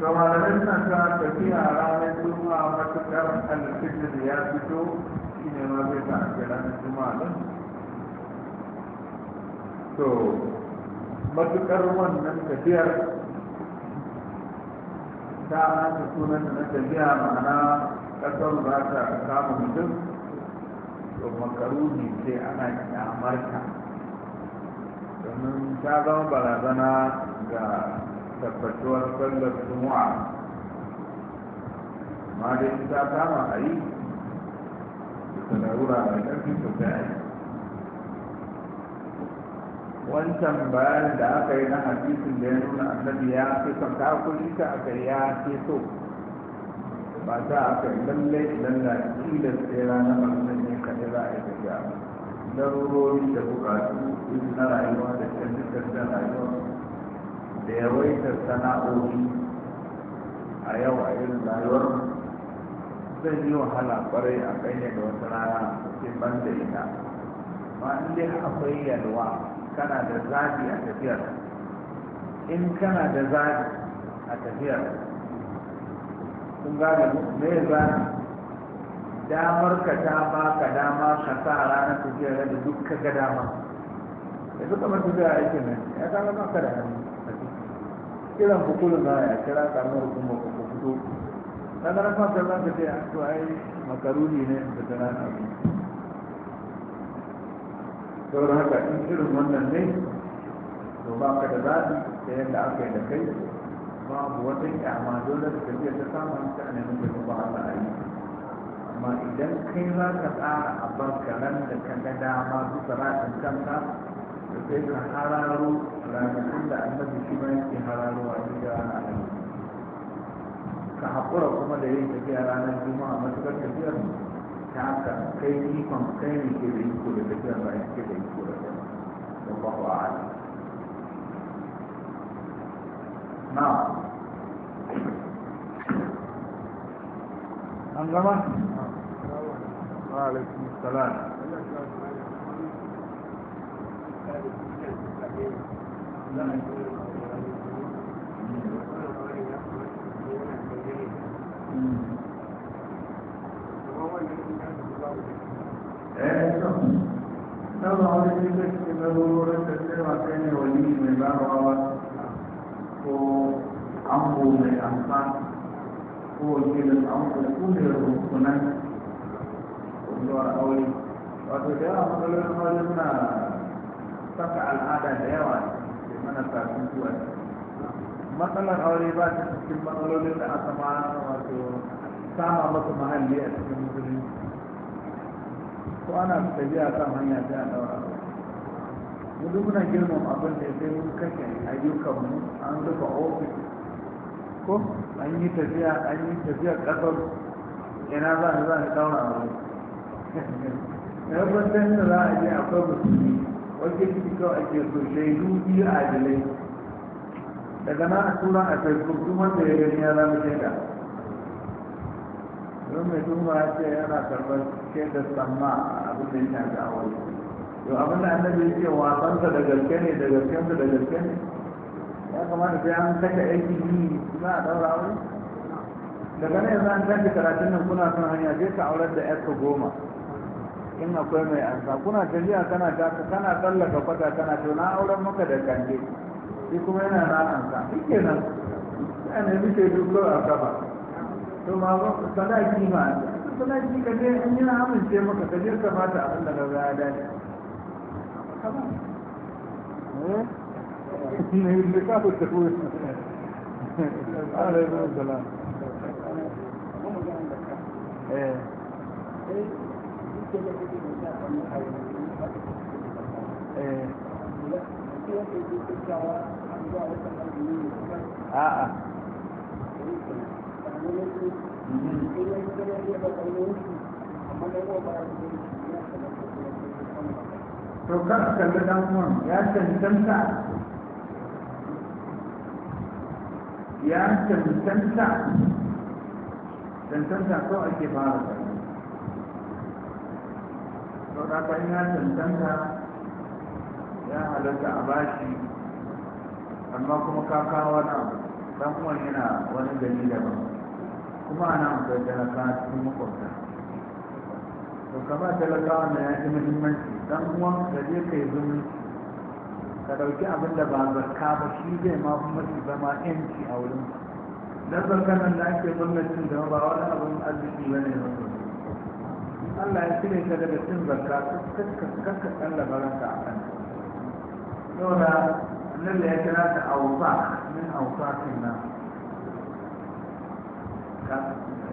gabanin nan ta tafi a ranar juma matuƙar alfijir ya fito shi ne ma zai ta ake juma nan to matuƙar wannan tafiyar ta ta sunan na tafiya ma'ana ƙasar za ta kama mutum to makaruni ce ana kyamarta domin ta zama barazana ga tabbatuwar sallar juma'a amma yi ta kama a yi da sanarura mai ƙarfi su ta yi wancan bayanin da aka yi na hadisin da ya nuna annabi ya fi son ta kulita aka ya fi so ba ta aka yi lallai idan da tilas sai ranar alfin ne kaɗai za a yi tafiya larurori da buƙatu na rayuwa da canjin da rayuwa da waitar sana'o'i a yau a irin rayuwar zai yi wahala kwarai a kanya da wata rana cikin ban da ita ma in dai akwai yalwa kana da zafi a tafiyar in kana da zafi a tafiyar sun gane me zafi damar ka ta ka dama ka sa ranar tafiyar da duk ka ga dama da duka mutu da aikin nan ya zama maka da hannu kiran ku kullum za a kira karamar hukumar ku ku fito na fasar za ka ce a to ai makaruni ne da ta rana abu sauran haka in irin wannan ne to ba ka da zaɓi ta yadda aka yi da kai babu wata kyama dole da tafiya ta samu an ta nemi da kuma Allah a yi amma idan kai za ka tsara a banka nan da ka ga dama bisa ratin kanka da sai ka hararo ranakun da annabi shi ma yake hararo a cikin rana ka haƙura kuma da yin tafiya ranar juma'a matuƙar tafiyar ta haka kai ikon kai ne ke da iko da tafiyar ba ya ke da iko da tafiyar wallahu a'ala na'am an gama wa alaikum salam Sama Wato da yawa matsalolin na saka al'ada da yawa ke mana sabbin zuwa matsalar aure ba ta cikin matsalolin da aka ma wato sama masu mahalli a cikin musulmi ko ana su tafiya kan hanya sai a daura mu duk muna girmama abin da ya sai mun kashe ayyukanmu an rufe ofis ko an yi tafiya an yi tafiya kasar ina za ni za ni daura a wani ɗan da za a je akwai musulmi wanda shi kawai ake so shaidu biyu adilai daga na a tura a facebook duk wanda ya gani ya zama shaida don mai tuma ya ce yana karɓar shaidar samma a abin da ya shafi a wani to abin da annabi ya ce wasansa da gaske ne da gaskensa da gaske ne ya kamata sai an kashe aiki yi za a daura wani daga nan yanzu an tashi karatun nan kuna son hanya sai ka aurar da yarka goma in akwai mai ansa kuna tafiya kana taka kana tsallaka kwata kana to na auren maka da kande shi kuma yana na ansa shi kenan sai ne muke dukkan a kafa to ma ba ma sadaki ka je in amince maka ka je ka abin da ka ya dace eh? ne ne ka ku tafi salam eh. a ya ya cancanta cancanta ko ake fara sau da kan ya cancanta ya halatta a bashi amma kuma ka kawo wani abu dan kuma yana wani gari daban kuma ana da talaka cikin makwabta to kama talakawa wanda ya fi muhimmanci dan uwan da zai kai zumunci ka ɗauki abin da ba zarka ba shi zai ma kuma su zama yanci a wurin dan zarkan nan da ake gwamnatin da ba wani abin arziki ba ne ba Allah ya cire ka daga cin zakka kakka tsalla baranka a kan saboda annabi ya kira ta aufa min aufa kinna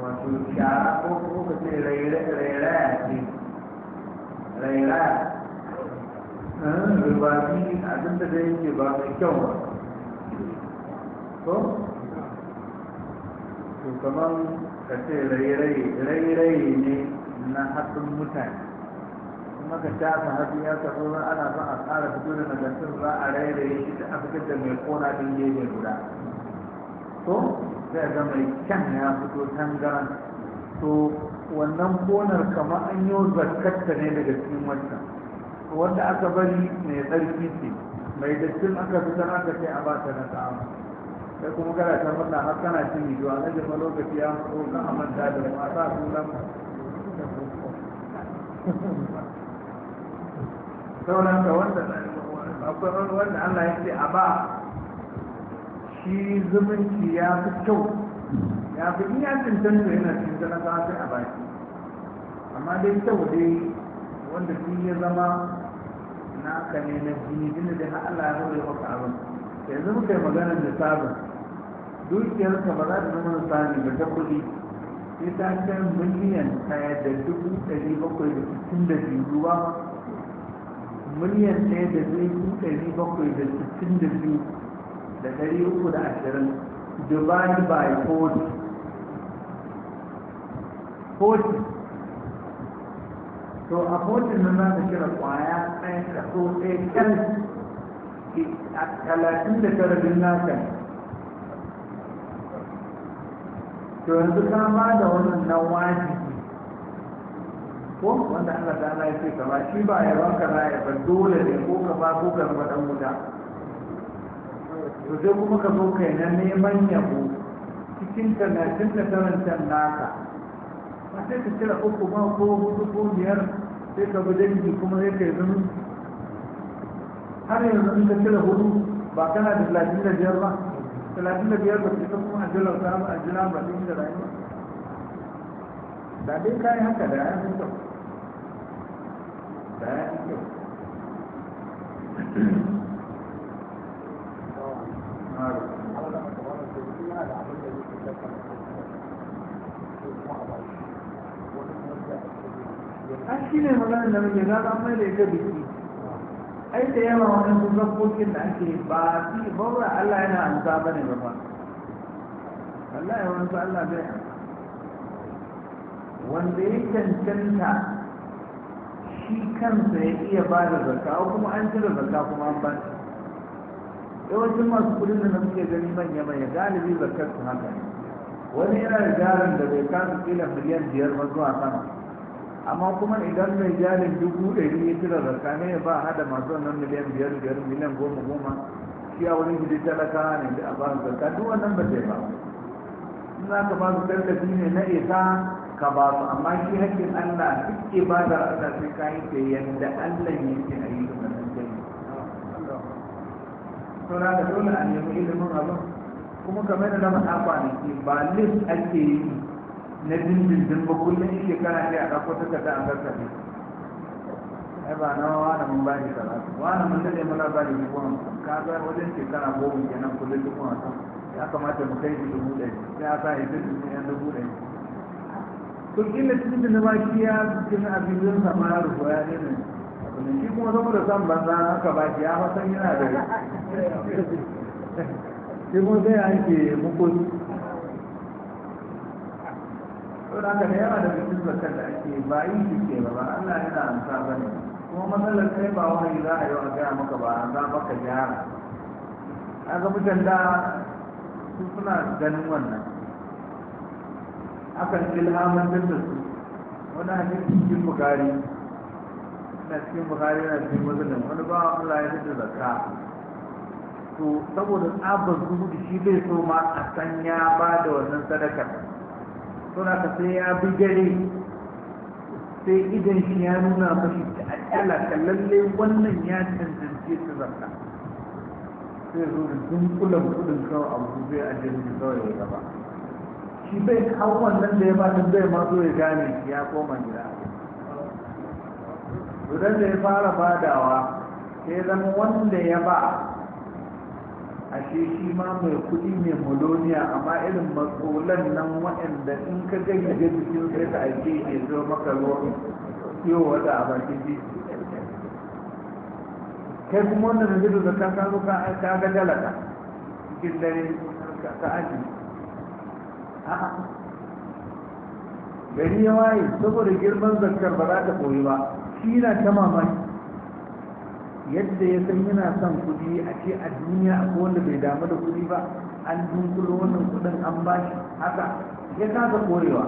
wato shara ko ko ka ce rairaya ce rairaya rubaki abin da zai yake ba mai kyau ba ko to kamar ka ce rairayi ne na hatsin mutane kuma ka shafa hatsi ya tafi ruwa ana son a tsara fito da nagartun za a rairaye shi da a fitar da mai kona ɗin gefe guda to sai ga mai kyan ya fito tangaran to wannan konar kamar an yi zarkatta ne daga cikin wancan wanda aka bari mai tsarki ce mai dattin aka fitar aka ce a ba ta na ta'amu sai kuma kana ta murna har kana cin yiwuwa na jima lokaci ya fito ga amanta da masu sunan sauran ka wanda akwai wanda Allah ya ce a ba shi zumunci ya fi kyau ya fi in ya cancanta yana cikin talakawa sai a baki amma dai kyau dai wanda shi ya zama naka ne na jini jini da na Allah ya zama maka abin yanzu muka yi maganar da sabon dukiyarka ba za ta zama misali ba ta kuɗi sai ta kai miliyan ɗaya da dubu ɗari bakwai da sittin da biyu ba miliyan ɗaya da dubu ɗari bakwai da sittin da biyu da ɗari uku da ashirin divide by forty forty to a forty nan za ka kira ƙwaya ɗaya kaso ɗaya kyal a talatin da tara din naka to yanzu ka ba da wannan nan wajibi ko wanda Allah ta Allah ya ce ka ba shi ba ya banka na ya bar dole ne ko ka ba ko ka ba dan guda to sai kuma ka zo kai na neman yabo cikin ka na cin da karantar naka A sai ka cire uku ba ko hudu ko biyar sai ka bi dangi kuma sai ka yi zunubi har yanzu in ka cire hudu ba kana da talatin da biyar ba talatin da biyar ba su ta kuma ajiyar lauta ba ajiyar amfani da rayuwa da dai kayi haka da ya fi kyau da ya fi kyau a shi ne maganin da muke za a mai da ita biki ai da yawa wani zakkokin da ake ba su bawa Allah yana amsa ba ne ba Allah ya wani Allah Allah bai wanda ya cancanta shi kansa ya iya ba da zakka kuma an cire zakka kuma an ba shi yawancin masu kudin da suke gani manya manya galibi zakkar su haka wani yana da jarin da bai kasa kila miliyan biyar ba zuwa sama amma kuma idan mai jalin dubu ɗari ya cire zarka ne ba hada masu wannan miliyan biyar biyar miliyan goma goma shi a wani shi talaka ne da a ba su zarka duk wannan ba zai ba in za ka ba su tallafi ne na isa ka ba su amma shi hakkin allah duk ibadar allah sai ka yi ta yadda allah ya ce a yi da wannan jami da dole a nemi ilimin abin kuma kamar da na faɗa kwanaki ba lis ake yi na jirgin ba kullum shi kana shi a ɗauko takarda an karkace ai ba na wani mun bani salatu wani mun dade mun bani dubu hamsin ka ga wajen shekara goma kenan kullum dubu hamsin ya kamata mu kai dubu ɗari sai a sa ya dubu ya dubu ɗari to kila cikin da ba shi ya cikin abin sama ya rufu ya ne ne shi kuma zama da san banza haka ba shi ya fasan yana da shi kuma sai an ke muku saboda haka da yawa daga cikin zakar da ake ba yi shi ke ba Allah yana amsa ba ne kuma matsalar kai ba wani za a yi a gaya maka ba a za maka gyara a ga mutan da su suna ganin wannan akan ilhamantar da su wani hadisi cikin bukari na cikin bukari na cikin musulun wani ba Allah ya da zakka to saboda tsabar zuhudu shi zai so ma a sanya ya ba da wannan sadakar suna ka sai ya bi gare sai idan shi ya nuna mashi ta akalla ka lalle wannan ya cancanci ta zarta sai zo da dunkulan kudin kawai abu zai ajiye shi kawai ya gaba shi bai kawo wannan da ya ba bai ma zo ya gane shi ya koma gida to da ya fara badawa sai zama wanda ya ba ashe shi ma mai kuɗi ne moloniya amma irin matsolan nan waɗanda in ka gani gaggaje cikin sai ta ake ke zo maka ruwan yau wata a bakin jiki kai kuma wannan da zai zaka ka zo ka ka ga talaka cikin dare ka aji a'a gari ya waye saboda girman zakar ba za ta koyi ba shi na ta mamaki yadda ya san yana son kuɗi a ce a duniya ko wanda bai damu da kuɗi ba an dunkulo wannan kuɗin an ba shi haka ya kasa korewa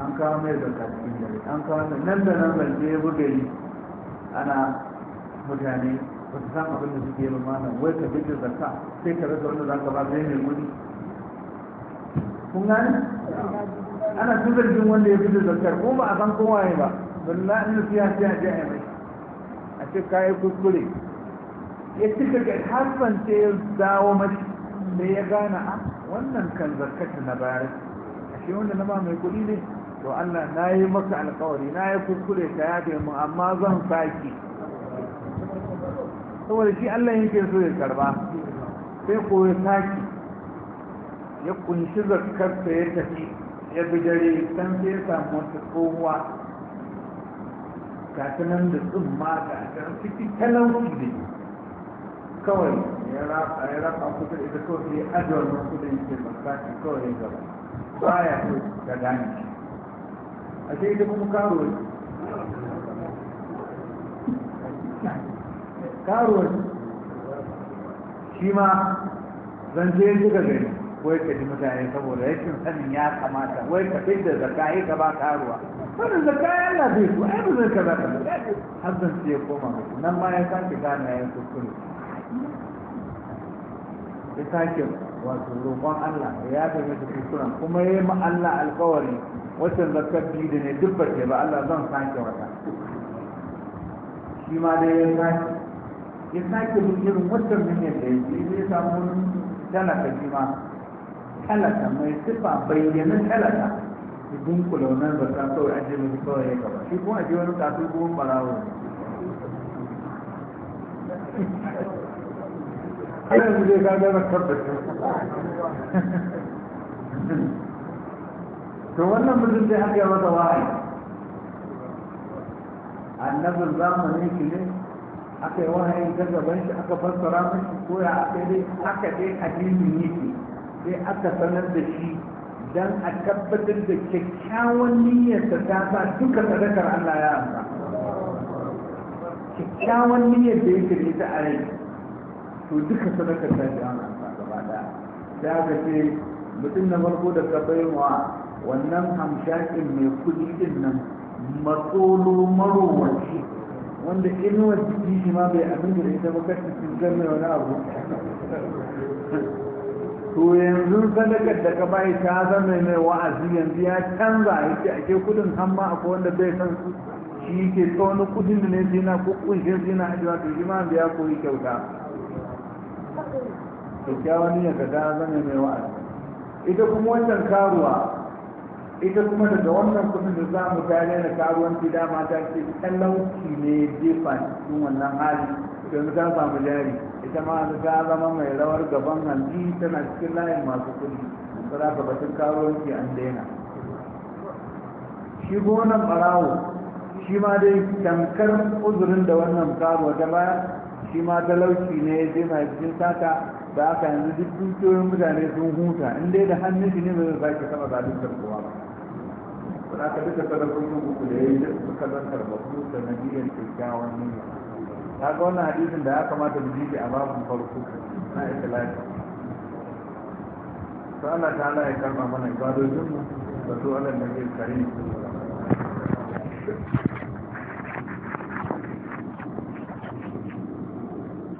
an kawo mai da cikin dare an kawo mai nan da nan zance ya bugari ana mutane ba su san abin da suke yi mana wai ka bi da zarta sai ka rasa wanda za ka ba sai mai kuɗi kun Ana ana tuzargin wanda ya bi da zarta ko ba a san kowaye ba wallahi in siya siya je a yi mai ce kayi kuskure ya ci ga hasan ce ya dawo mashi da ya gana a ah, wannan kan zarkata na bayar a shi wanda na ba mai kuɗi ne to Allah na yi maka alkawari na yi kuskure ta yafe mu amma zan saki saboda shi Allah yake so ya karba sai ko ya saki ya kunshi zakarta ya tafi ya bi dare can sai ya samu wata tsohuwa ga nan da tsumma ga ta nan cikin talauci da kawai ya rafa ya rafa kusa ita kawai sai ajiyar nan kusa ya ce masaki kawai ya gaba ba ya so ka gane shi a sai ita kuma karuwa karuwa shi ma zan je ya shiga gani wai ka ji mutane saboda rashin sanin ya kamata wai ka fi da zakka yi ka ba karuwa sanin Zaka ya na bai su ai bazan ka zaka ka har zan ce koma musu nan ma ya sake gane ya kuskure ya sake wato roƙon Allah ya yafe masa kuskuren kuma ya yi ma Allah alƙawari wacce zakkar bi da ne duk ba ba Allah zan sake wata shi ma dai ya sake ya sake bin irin wacce ne da ya ce zai samu talaka shi ma talaka mai sifa bayyanin talaka idan kula wannan ba ta kawai an je mai kawai ya gaba shi kuma a je wani kafin kuma barawo kada su zai gaga na tabbata to wannan mutum zai haka masa wahayi annabin zamanin shi ne aka yi wahayin ta gaban shi aka fassara mashi koya aka dai aka dai addinin yake sai aka sanar da shi don a tabbatar da kyakkyawan niyyarsa ta sa duka sadakar Allah ya amsa kyakkyawan niyyar da yake da ita a rai to duka sadakar ta ji an amsa gaba daya sai ga ce mutum na farko da ka wa wannan hamshakin mai kudi din nan matsolo marowaci wanda inuwar jiki shi ma bai abin da ita ba kashi sun zama wani abu to yanzu sadakar da ka bai ta zama mai wa'azi yanzu ya canza yake ake kudin hamma akwai wanda bai san su shi ke tsawon kudin da ne zina ko kunshin zina a jiwa to shi ma biya koyi kyauta kyakkyawan ne ka ta zama mai wa'azi ita kuma wancan karuwa ita kuma daga wannan kudin da za mu tare na karuwanci dama ta ce talauci ne jefa cikin wannan hali yanzu ta samu jari ita ma ta zama mai rawar gaban hanzi tana cikin layin masu kudi za ka batun karuwanci an daina shi gonan barawo shi ma dai tamkar uzurin da wannan karuwa ta baya shi ma talauci ne ya je cikin sata da aka yanzu duk dukiyoyin mutane sun huta in dai da hannun shi ne ba zai sake saba zaɓin karkowa ba ولكن ذكر لكم أن يجب أن تكون تنبيا في kaga wannan hadisin da ya kamata mu ji a babun farko na ikhlasi to Allah ta'ala ya karba mana ibadojin mu da to Allah ne ya kare